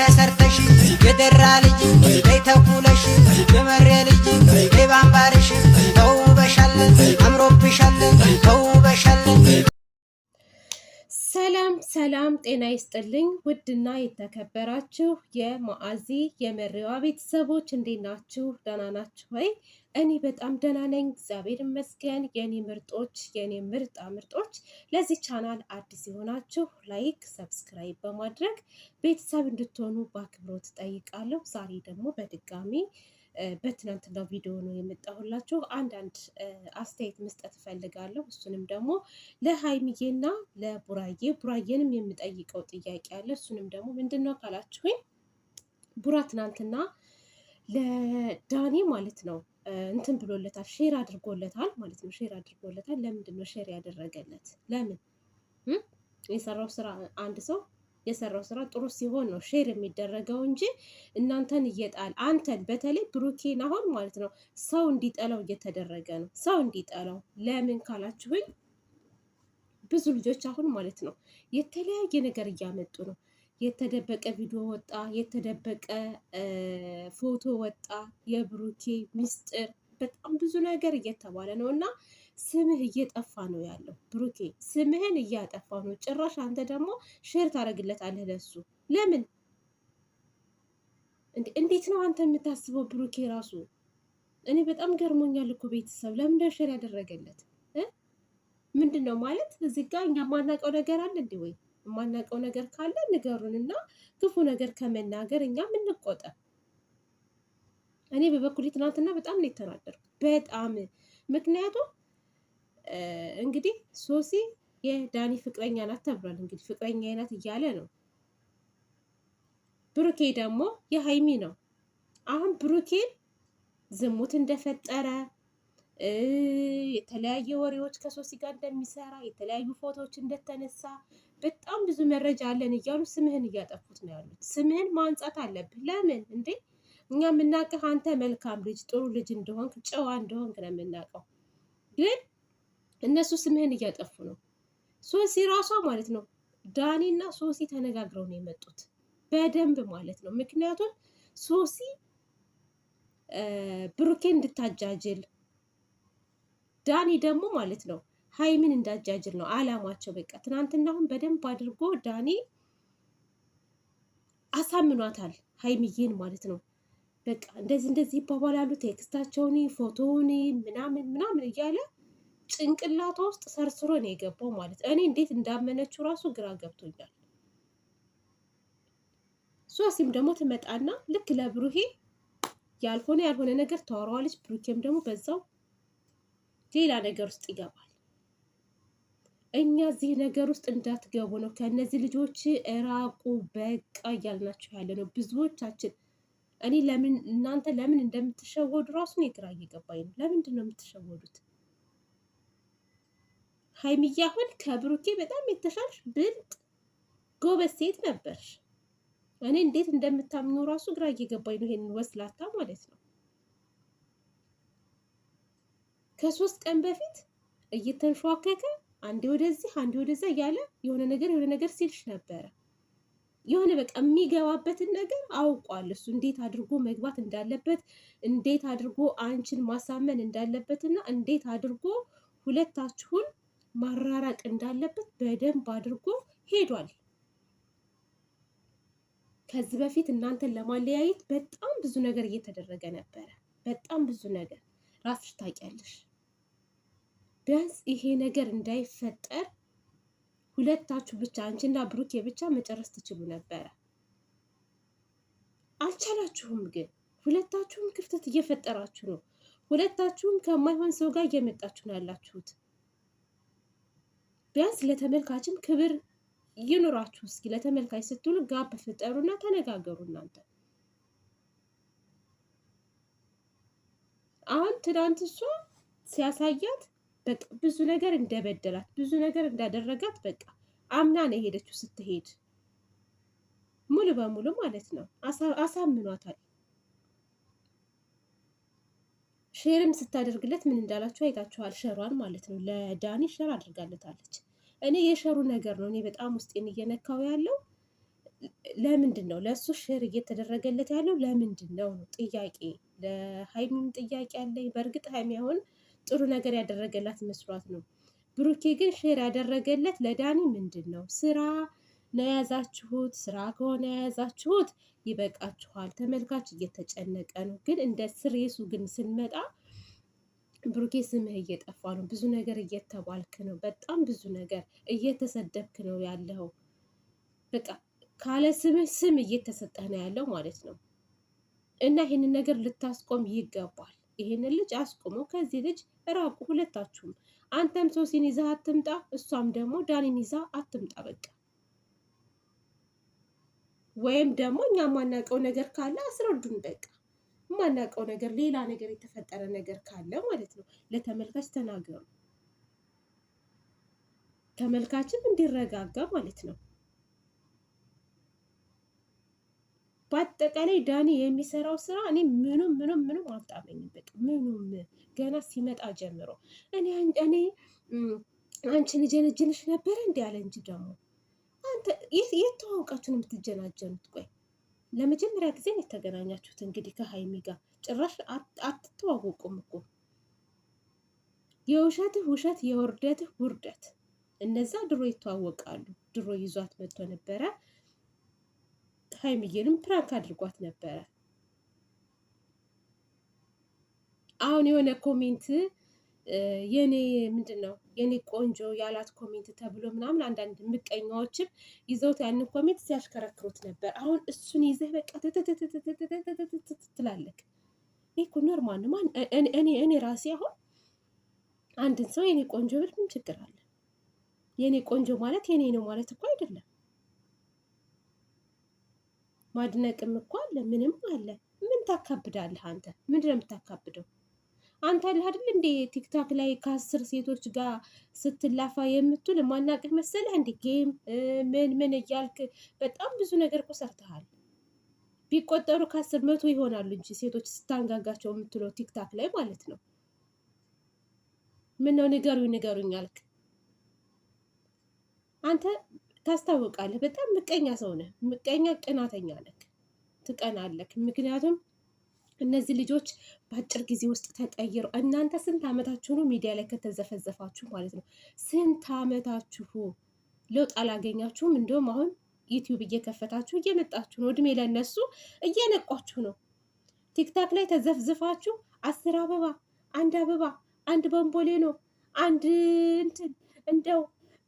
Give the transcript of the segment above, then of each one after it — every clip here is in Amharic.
ተሰርተሽ የደራ ልጅ ተይ ተኩለሽ የመሬ ልጅ ባምባሪ ሰላም ሰላም፣ ጤና ይስጥልኝ ውድና የተከበራችሁ የማአዚ የመሪዋ ቤተሰቦች እንዴት ናችሁ? ደህና ናችሁ ወይ? እኔ በጣም ደህና ነኝ፣ እግዚአብሔር ይመስገን። የኔ ምርጦች፣ የኔ ምርጣ ምርጦች፣ ለዚህ ቻናል አዲስ የሆናችሁ ላይክ፣ ሰብስክራይብ በማድረግ ቤተሰብ እንድትሆኑ በአክብሮት ጠይቃለሁ። ዛሬ ደግሞ በድጋሚ በትናንትናው ቪዲዮ ነው የመጣሁላችሁ። አንዳንድ አስተያየት መስጠት እፈልጋለሁ። እሱንም ደግሞ ለሀይሚዬና ለቡራዬ ቡራዬንም የምጠይቀው ጥያቄ አለ። እሱንም ደግሞ ምንድን ነው ካላችሁኝ ቡራ ትናንትና ለዳኔ ማለት ነው እንትን ብሎለታል፣ ሼር አድርጎለታል ማለት ነው። ሼር አድርጎለታል። ለምንድን ነው ሼር ያደረገለት? ለምን የሰራው ስራ አንድ ሰው የሰራው ስራ ጥሩ ሲሆን ነው ሼር የሚደረገው እንጂ እናንተን እየጣል አንተን በተለይ ብሩኬን አሁን ማለት ነው ሰው እንዲጠላው እየተደረገ ነው። ሰው እንዲጠላው ለምን ካላችሁኝ ብዙ ልጆች አሁን ማለት ነው የተለያየ ነገር እያመጡ ነው። የተደበቀ ቪዲዮ ወጣ፣ የተደበቀ ፎቶ ወጣ፣ የብሩኬ ምስጢር በጣም ብዙ ነገር እየተባለ ነው እና ስምህ እየጠፋ ነው ያለው። ብሩኬ ስምህን እያጠፋ ነው። ጭራሽ አንተ ደግሞ ሼር ታደርግለታለህ ለሱ። ለምን እንዴት ነው አንተ የምታስበው? ብሩኬ ራሱ እኔ በጣም ገርሞኛል እኮ ቤተሰብ። ለምንድን ሼር ያደረገለት ምንድን ነው ማለት? እዚህ ጋ እኛ የማናውቀው ነገር አለ እንዴ? ወይ የማናውቀው ነገር ካለ ንገሩንና ክፉ ነገር ከመናገር እኛ እንቆጠብ። እኔ በበኩሌ ትናንትና በጣም ነው የተናደርኩት፣ በጣም ምክንያቱም እንግዲህ ሶሲ የዳኒ ፍቅረኛ ናት ተብሏል። እንግዲህ ፍቅረኛ ናት እያለ ነው። ብሩኬ ደግሞ የሀይሚ ነው። አሁን ብሩኬ ዝሙት እንደፈጠረ የተለያየ ወሬዎች ከሶሲ ጋር እንደሚሰራ የተለያዩ ፎቶዎች እንደተነሳ በጣም ብዙ መረጃ አለን እያሉ ስምህን እያጠፉት ነው ያሉት። ስምህን ማንጻት አለብህ። ለምን እንዴ? እኛ የምናውቅህ አንተ መልካም ልጅ፣ ጥሩ ልጅ እንደሆንክ፣ ጨዋ እንደሆንክ ነው የምናውቀው ግን እነሱ ስምህን እያጠፉ ነው። ሶሲ ራሷ ማለት ነው ዳኒ እና ሶሲ ተነጋግረው ነው የመጡት በደንብ ማለት ነው። ምክንያቱም ሶሲ ብሩኬን እንድታጃጅል ዳኒ ደግሞ ማለት ነው ሀይሚን እንዳጃጅል ነው አላማቸው። በቃ ትናንትና አሁን በደንብ አድርጎ ዳኒ አሳምኗታል ሀይሚዬን ማለት ነው። በቃ እንደዚህ እንደዚህ ይባባላሉ፣ ቴክስታቸውን፣ ፎቶውን ምናምን ምናምን እያለ ጭንቅላቷ ውስጥ ሰርስሮ ነው የገባው ማለት እኔ እንዴት እንዳመነችው ራሱ ግራ ገብቶኛል። ሶሲም ደግሞ ትመጣና ልክ ለብሩሄ ያልሆነ ያልሆነ ነገር ታወራዋለች። ብሩኬም ደግሞ በዛው ሌላ ነገር ውስጥ ይገባል። እኛ እዚህ ነገር ውስጥ እንዳትገቡ ነው ከእነዚህ ልጆች እራቁ በቃ እያልናቸው ያለ ነው ብዙዎቻችን። እኔ ለምን እናንተ ለምን እንደምትሸወዱ ራሱን የግራ እየገባኝ ነው። ለምንድን ነው የምትሸወዱት? ሀይሚዬ አሁን ከብሩኬ በጣም የተሻልሽ ብልጥ ጎበዝ ሴት ነበርሽ። እኔ እንዴት እንደምታምኑ ራሱ ግራ እየገባኝ ነው። ይሄንን ወስላታ ማለት ነው። ከሶስት ቀን በፊት እየተንሸዋከከ አንዴ ወደዚህ አንዴ ወደዛ እያለ የሆነ ነገር የሆነ ነገር ሲልሽ ነበረ። የሆነ በቃ የሚገባበትን ነገር አውቋል እሱ እንዴት አድርጎ መግባት እንዳለበት፣ እንዴት አድርጎ አንቺን ማሳመን እንዳለበትና እንዴት አድርጎ ሁለታችሁን ማራራቅ እንዳለበት በደንብ አድርጎ ሄዷል። ከዚህ በፊት እናንተን ለማለያየት በጣም ብዙ ነገር እየተደረገ ነበረ። በጣም ብዙ ነገር ራስሽ ታውቂያለሽ። ቢያንስ ይሄ ነገር እንዳይፈጠር ሁለታችሁ ብቻ አንቺና ብሩኬ ብቻ መጨረስ ትችሉ ነበረ። አልቻላችሁም። ግን ሁለታችሁም ክፍተት እየፈጠራችሁ ነው። ሁለታችሁም ከማይሆን ሰው ጋር እየመጣችሁ ነው ያላችሁት። ቢያንስ ለተመልካችም ክብር ይኑራችሁ። እስኪ ለተመልካች ስትሉ ጋብ ፍጠሩና ተነጋገሩ። እናንተ አሁን ትናንት እሷ ሲያሳያት በቃ ብዙ ነገር እንደበደላት ብዙ ነገር እንዳደረጋት በቃ አምና ነው የሄደችው። ስትሄድ ሙሉ በሙሉ ማለት ነው አሳምኗታል። ሼርም ስታደርግለት ምን እንዳላችሁ አይታችኋል። ሸሯን ማለት ነው ለዳኒ ሸር አድርጋለታለች። እኔ የሸሩ ነገር ነው እኔ በጣም ውስጤን እየነካው ያለው ለምንድን ነው ለእሱ ሼር እየተደረገለት ያለው ለምንድን ነው ጥያቄ ለሀይሚም ጥያቄ አለኝ። በእርግጥ ሀይሚ አሁን ጥሩ ነገር ያደረገላት መስሏት ነው። ብሩኬ ግን ሼር ያደረገለት ለዳኒ ምንድን ነው ስራ ለያዛችሁት ስራ ከሆነ የያዛችሁት ይበቃችኋል። ተመልካች እየተጨነቀ ነው። ግን እንደ ስሬሱ ግን ስንመጣ ብሩኬ ስምህ እየጠፋ ነው። ብዙ ነገር እየተባልክ ነው። በጣም ብዙ ነገር እየተሰደብክ ነው ያለው። በቃ ካለ ስምህ ስም እየተሰጠ ነው ያለው ማለት ነው። እና ይህንን ነገር ልታስቆም ይገባል። ይህንን ልጅ አስቆመው። ከዚህ ልጅ ራቁ ሁለታችሁም። አንተም ሶሲን ይዛ አትምጣ፣ እሷም ደግሞ ዳኒን ይዛ አትምጣ። በቃ ወይም ደግሞ እኛ የማናውቀው ነገር ካለ አስረዱን። በቃ የማናውቀው ነገር ሌላ ነገር የተፈጠረ ነገር ካለ ማለት ነው ለተመልካች ተናገሩ፣ ተመልካችም እንዲረጋጋ ማለት ነው። በአጠቃላይ ዳኒ የሚሰራው ስራ እኔ ምኑም ምኑም ምኑም አልጣመኝም። በቃ ምኑም ገና ሲመጣ ጀምሮ እኔ አንቺ ልጅ ልጅንሽ ነበረ እንዲ ያለ እንጂ ደግሞ እናንተ የት ተዋውቃችሁ ነው የምትጀናጀኑት? ቆይ ለመጀመሪያ ጊዜ ነው የተገናኛችሁት እንግዲህ ከሀይሚ ጋር ጭራሽ አትተዋወቁም እኮ። የውሸትህ ውሸት የውርደትህ ውርደት። እነዛ ድሮ ይተዋወቃሉ። ድሮ ይዟት መጥቶ ነበረ። ሀይሚዬንም ፕራንክ አድርጓት ነበረ። አሁን የሆነ ኮሜንት የኔ ምንድን ነው የኔ ቆንጆ ያላት ኮሜንት ተብሎ ምናምን አንዳንድ ምቀኛዎችም ይዘውት ያንን ኮሜንት ሲያሽከረክሩት ነበር። አሁን እሱን ይዘህ በቃ ትላለክ። ራሴ አሁን አንድን ሰው የኔ ቆንጆ አለ? የኔ ቆንጆ ማለት ማለት እኮ አይደለም። ማድነቅም ምን ታካብዳለህ አንተ? ነው የምታካብደው? አንተ አለህ አይደል እንዴ ቲክታክ ላይ ከአስር ሴቶች ጋር ስትላፋ የምትል ማናቅድ መሰለህ እንዴ? ጌም ምን ምን እያልክ በጣም ብዙ ነገር እኮ ሰርተሃል። ቢቆጠሩ ከአስር መቶ ይሆናሉ እንጂ ሴቶች ስታንጋጋቸው የምትለው ቲክታክ ላይ ማለት ነው። ምን ነው ንገሩኝ ንገሩኝ አልክ። አንተ ታስታውቃለህ፣ በጣም ምቀኛ ሰው ነህ። ምቀኛ ቅናተኛ ነህ፣ ትቀናለህ። ምክንያቱም እነዚህ ልጆች በአጭር ጊዜ ውስጥ ተቀይሩ። እናንተ ስንት ዓመታችሁ ነው ሚዲያ ላይ ከተዘፈዘፋችሁ ማለት ነው? ስንት ዓመታችሁ ለውጥ አላገኛችሁም? እንዲሁም አሁን ዩቲዩብ እየከፈታችሁ እየመጣችሁ ነው። እድሜ ለነሱ እየነቋችሁ ነው። ቲክታክ ላይ ተዘፍዝፋችሁ አስር አበባ አንድ አበባ አንድ በንቦሌ ነው አንድ እንትን እንደው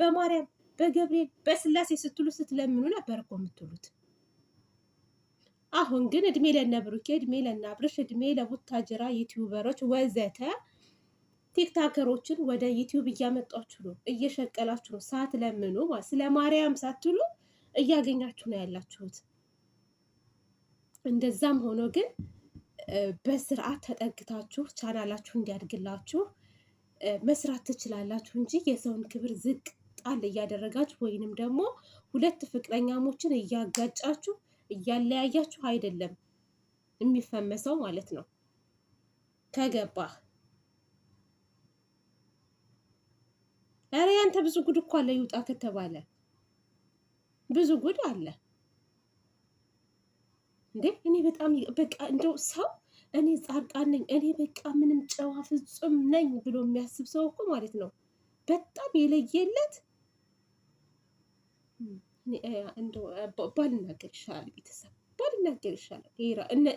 በማርያም በገብርኤል በስላሴ ስትሉ ስትለምኑ ነበር እኮ የምትሉት። አሁን ግን እድሜ ለነ ብሩኬ፣ እድሜ ለነ አብርሽ፣ እድሜ ለቡታጅራ ዩቲዩበሮች ወዘተ ቲክታከሮችን ወደ ዩቲዩብ እያመጧችሁ ነው፣ እየሸቀላችሁ ነው። ለምኑ ስለ ማርያም ሳትሉ እያገኛችሁ ነው ያላችሁት። እንደዛም ሆኖ ግን በስርዓት ተጠግታችሁ ቻናላችሁ እንዲያድግላችሁ መስራት ትችላላችሁ እንጂ የሰውን ክብር ዝቅ ጣል እያደረጋችሁ ወይንም ደግሞ ሁለት ፍቅረኛሞችን እያጋጫችሁ እያለያያችሁ አይደለም የሚፈመሰው ማለት ነው። ከገባህ ኧረ ያንተ ብዙ ጉድ እኮ አለ ይውጣ ከተባለ ብዙ ጉድ አለ እንዴ! እኔ በጣም በቃ እንደው ሰው እኔ ጻድቃን ነኝ እኔ በቃ ምንም ጨዋ ፍጹም ነኝ ብሎ የሚያስብ ሰው እኮ ማለት ነው በጣም የለየለት ባልናገር ይሻላል፣ ቤተሰብ ባልናገር ይሻላል።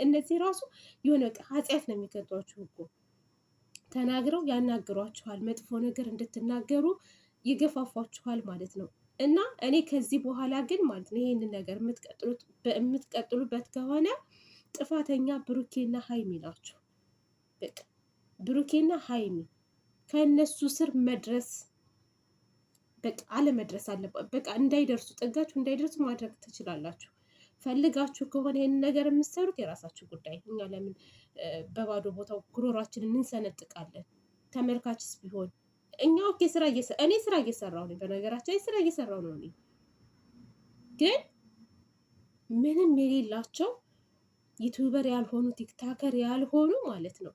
እነዚህ ራሱ የሆነ ኃጢአት ነው የሚገጧችሁ እኮ ተናግረው ያናግሯችኋል። መጥፎ ነገር እንድትናገሩ ይገፋፏችኋል ማለት ነው። እና እኔ ከዚህ በኋላ ግን ማለት ነው ይህንን ነገር የምትቀጥሉበት ከሆነ ጥፋተኛ ብሩኬና ሀይሚ ናቸው። ብሩኬና ሀይሚ ከእነሱ ስር መድረስ በቃ አለመድረስ አለባት። በቃ እንዳይደርሱ ጥጋችሁ እንዳይደርሱ ማድረግ ትችላላችሁ። ፈልጋችሁ ከሆነ ይህን ነገር የምትሰሩት የራሳችሁ ጉዳይ። እኛ ለምን በባዶ ቦታው ጉሮሯችንን እንሰነጥቃለን? ተመልካችስ ቢሆን እኛ ኦኬ፣ ስራ እኔ ስራ እየሰራሁ ነኝ። በነገራችን ስራ እየሰራሁ ነው እኔ ግን ምንም የሌላቸው ዩቱበር ያልሆኑ ቲክታከር ያልሆኑ ማለት ነው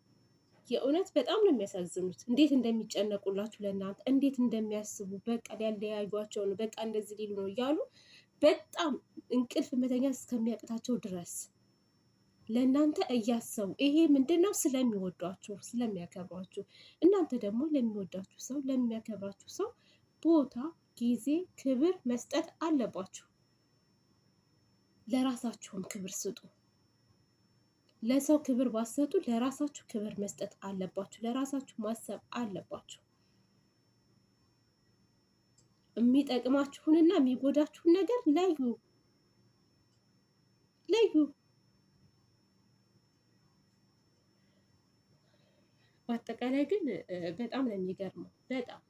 የእውነት በጣም ነው የሚያሳዝኑት። እንዴት እንደሚጨነቁላችሁ ለእናንተ እንዴት እንደሚያስቡ በቃ ሊያለያዩቸው ነው በቃ እንደዚህ ሊሉ ነው እያሉ በጣም እንቅልፍ መተኛ እስከሚያቅታቸው ድረስ ለእናንተ እያሰቡ ይሄ ምንድን ነው? ስለሚወዷችሁ ስለሚያከብሯችሁ። እናንተ ደግሞ ለሚወዳችሁ ሰው ለሚያከብራችሁ ሰው ቦታ፣ ጊዜ፣ ክብር መስጠት አለባችሁ። ለራሳችሁም ክብር ስጡ። ለሰው ክብር ባሰጡ ለራሳችሁ ክብር መስጠት አለባችሁ። ለራሳችሁ ማሰብ አለባችሁ። የሚጠቅማችሁንና የሚጎዳችሁን ነገር ለዩ ለዩ። በአጠቃላይ ግን በጣም ነው የሚገርመው። በጣም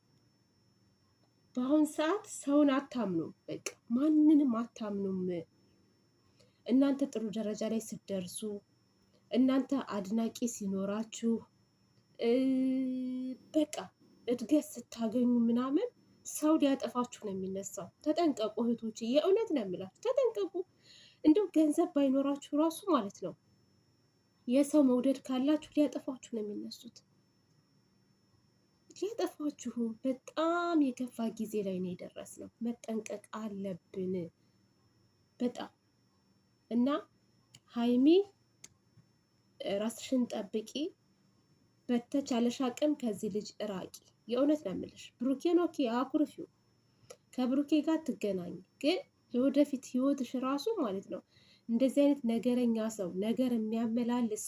በአሁን ሰዓት ሰውን አታምኑም፣ በቃ ማንንም አታምኑም። እናንተ ጥሩ ደረጃ ላይ ስትደርሱ እናንተ አድናቂ ሲኖራችሁ በቃ እድገት ስታገኙ ምናምን ሰው ሊያጠፋችሁ ነው የሚነሳው። ተጠንቀቁ እህቶች፣ የእውነት ነው የምላችሁ ተጠንቀቁ። እንደው ገንዘብ ባይኖራችሁ ራሱ ማለት ነው የሰው መውደድ ካላችሁ ሊያጠፋችሁ ነው የሚነሱት። ሊያጠፋችሁ በጣም የከፋ ጊዜ ላይ ነው የደረስነው። መጠንቀቅ አለብን በጣም እና ሀይሚ ራስሽን ጠብቂ፣ በተቻለሽ አቅም ከዚህ ልጅ ራቂ። የእውነት ነው የምልሽ ብሩኬን ኦኬ አኩርፊው፣ ከብሩኬ ጋር ትገናኝ፣ ግን ለወደፊት ህይወትሽ ራሱ ማለት ነው እንደዚህ አይነት ነገረኛ ሰው ነገር የሚያመላልስ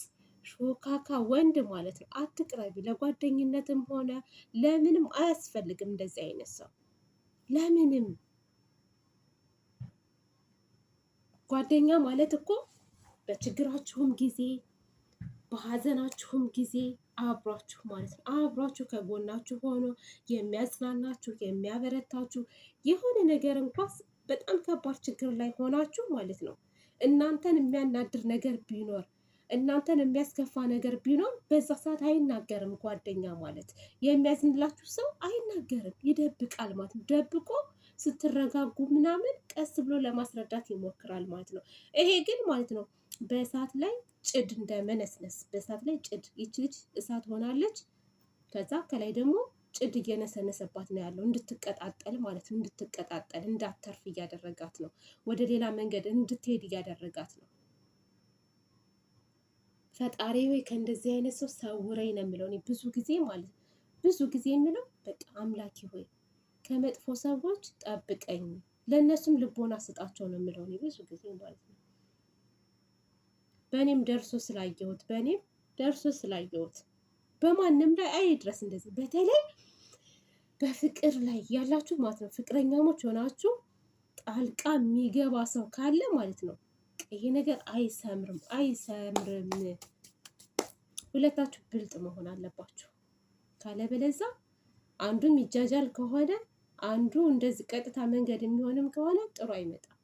ሾካካ ወንድ ማለት ነው አትቅረቢ። ለጓደኝነትም ሆነ ለምንም አያስፈልግም እንደዚህ አይነት ሰው ለምንም። ጓደኛ ማለት እኮ በችግራችሁም ጊዜ በሀዘናችሁም ጊዜ አብሯችሁ ማለት ነው አብሯችሁ ከጎናችሁ ሆኖ የሚያጽናናችሁ የሚያበረታችሁ የሆነ ነገር እንኳስ በጣም ከባድ ችግር ላይ ሆናችሁ ማለት ነው እናንተን የሚያናድር ነገር ቢኖር እናንተን የሚያስከፋ ነገር ቢኖር በዛ ሰዓት አይናገርም ጓደኛ ማለት የሚያዝንላችሁ ሰው አይናገርም ይደብቃል ማለት ነው ደብቆ ስትረጋጉ ምናምን ቀስ ብሎ ለማስረዳት ይሞክራል ማለት ነው ይሄ ግን ማለት ነው በእሳት ላይ ጭድ እንደ መነስነስ በእሳት ላይ ጭድ ይቺ ልጅ እሳት ሆናለች። ከዛ ከላይ ደግሞ ጭድ እየነሰነሰባት ነው ያለው እንድትቀጣጠል ማለት ነው። እንድትቀጣጠል እንዳተርፍ እያደረጋት ነው። ወደ ሌላ መንገድ እንድትሄድ እያደረጋት ነው። ፈጣሪ ወይ ከእንደዚህ አይነት ሰው ሰውረኝ ነው የሚለው። እኔ ብዙ ጊዜ ማለት ብዙ ጊዜ የምለው በቃ አምላኪ ሆይ ከመጥፎ ሰዎች ጠብቀኝ፣ ለእነሱም ልቦና ስጣቸው ነው የምለው እኔ ብዙ ጊዜ ማለት ነው። በእኔም ደርሶ ስላየሁት በእኔም ደርሶ ስላየሁት በማንም ላይ አይድረስ እንደዚህ በተለይ በፍቅር ላይ ያላችሁ ማለት ነው። ፍቅረኛሞች ሆናችሁ ጣልቃ የሚገባ ሰው ካለ ማለት ነው ይሄ ነገር አይሰምርም፣ አይሰምርም። ሁለታችሁ ብልጥ መሆን አለባችሁ። ካለበለዛ አንዱ ሚጃጃል ከሆነ አንዱ እንደዚህ ቀጥታ መንገድ የሚሆንም ከሆነ ጥሩ አይመጣም።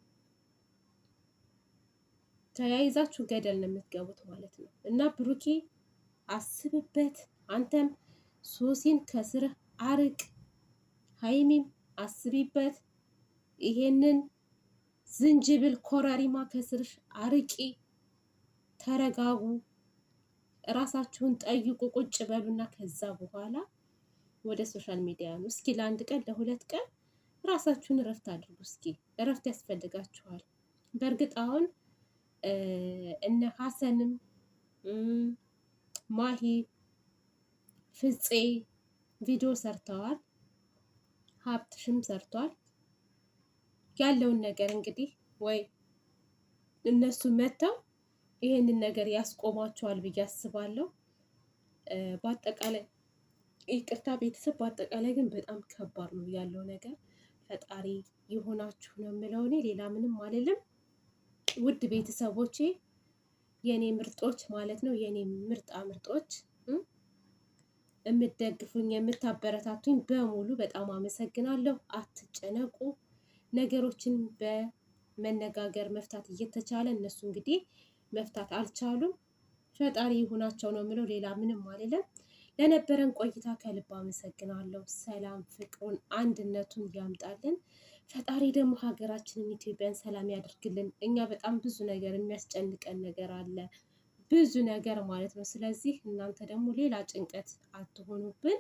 ተያይዛችሁ ገደል ነው የምትገቡት ማለት ነው። እና ብሩኬ አስብበት፣ አንተም ሶሲን ከስር አርቅ፣ ሀይሚም አስቢበት፣ ይሄንን ዝንጅብል ኮረሪማ ከስርሽ አርቂ፣ ተረጋጉ፣ እራሳችሁን ጠይቁ፣ ቁጭ በሉና ከዛ በኋላ ወደ ሶሻል ሚዲያ ነው። እስኪ ለአንድ ቀን ለሁለት ቀን ራሳችሁን እረፍት አድርጉ። እስኪ እረፍት ያስፈልጋችኋል። በእርግጥ አሁን እነ ሀሰንም ማሂ ፍፄ ቪዲዮ ሰርተዋል። ሀብትሽም ሰርቷል። ያለውን ነገር እንግዲህ ወይ እነሱ መጥተው ይሄንን ነገር ያስቆማቸዋል ብዬ አስባለሁ። በአጠቃላይ ይቅርታ ቤተሰብ፣ በአጠቃላይ ግን በጣም ከባድ ነው ያለው ነገር። ፈጣሪ የሆናችሁ ነው የምለው እኔ ሌላ ምንም አልልም። ውድ ቤተሰቦቼ የኔ ምርጦች ማለት ነው የኔ ምርጣ ምርጦች የምትደግፉኝ የምታበረታቱኝ በሙሉ በጣም አመሰግናለሁ። አትጨነቁ። ነገሮችን በመነጋገር መፍታት እየተቻለ እነሱ እንግዲህ መፍታት አልቻሉም። ፈጣሪ ይሁናቸው ነው የምለው፣ ሌላ ምንም አለለም ለነበረን ቆይታ ከልብ አመሰግናለሁ። ሰላም ፍቅሩን አንድነቱን ያምጣልን። ፈጣሪ ደግሞ ሀገራችንን ኢትዮጵያን ሰላም ያደርግልን። እኛ በጣም ብዙ ነገር የሚያስጨንቀን ነገር አለ፣ ብዙ ነገር ማለት ነው። ስለዚህ እናንተ ደግሞ ሌላ ጭንቀት አትሆኑብን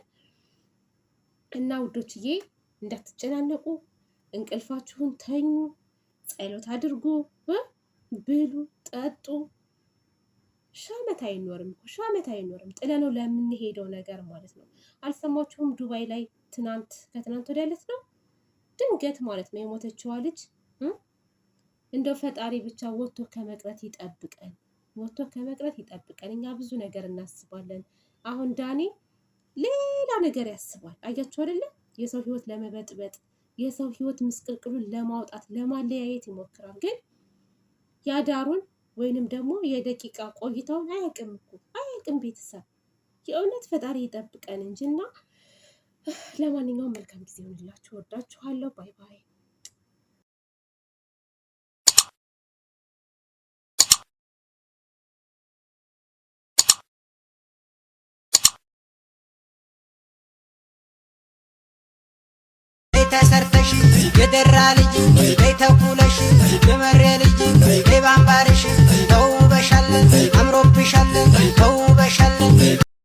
እና ውዶችዬ እንዳትጨናነቁ፣ እንቅልፋችሁን ተኙ፣ ጸሎት አድርጉ፣ ብሉ፣ ጠጡ። ሺህ አይኖርም እኮ ሺህ አይኖርም። ጥለነው ለምንሄደው ነገር ማለት ነው። አልሰማችሁም? ዱባይ ላይ ትናንት ከትናንት ወዲያ ዕለት ነው ድንገት ማለት ነው የሞተችዋ ልጅ እንደው ፈጣሪ ብቻ ወጥቶ ከመቅረት ይጠብቀን፣ ወጥቶ ከመቅረት ይጠብቀን። እኛ ብዙ ነገር እናስባለን። አሁን ዳኒ ሌላ ነገር ያስባል። አያችሁ አይደለ? የሰው ህይወት ለመበጥበጥ የሰው ህይወት ምስቅልቅሉን ለማውጣት ለማለያየት ይሞክራል። ግን ያዳሩን ወይንም ደግሞ የደቂቃ ቆይታውን አያውቅም እኮ አያውቅም። ቤተሰብ የእውነት ፈጣሪ ይጠብቀን እንጂ እና ለማንኛውም መልካም ጊዜ ይሆንላችሁ። ወዳችኋለሁ። ባይ ባይ። ተሰርተሽ የደራ ልጅ ተኩለሽ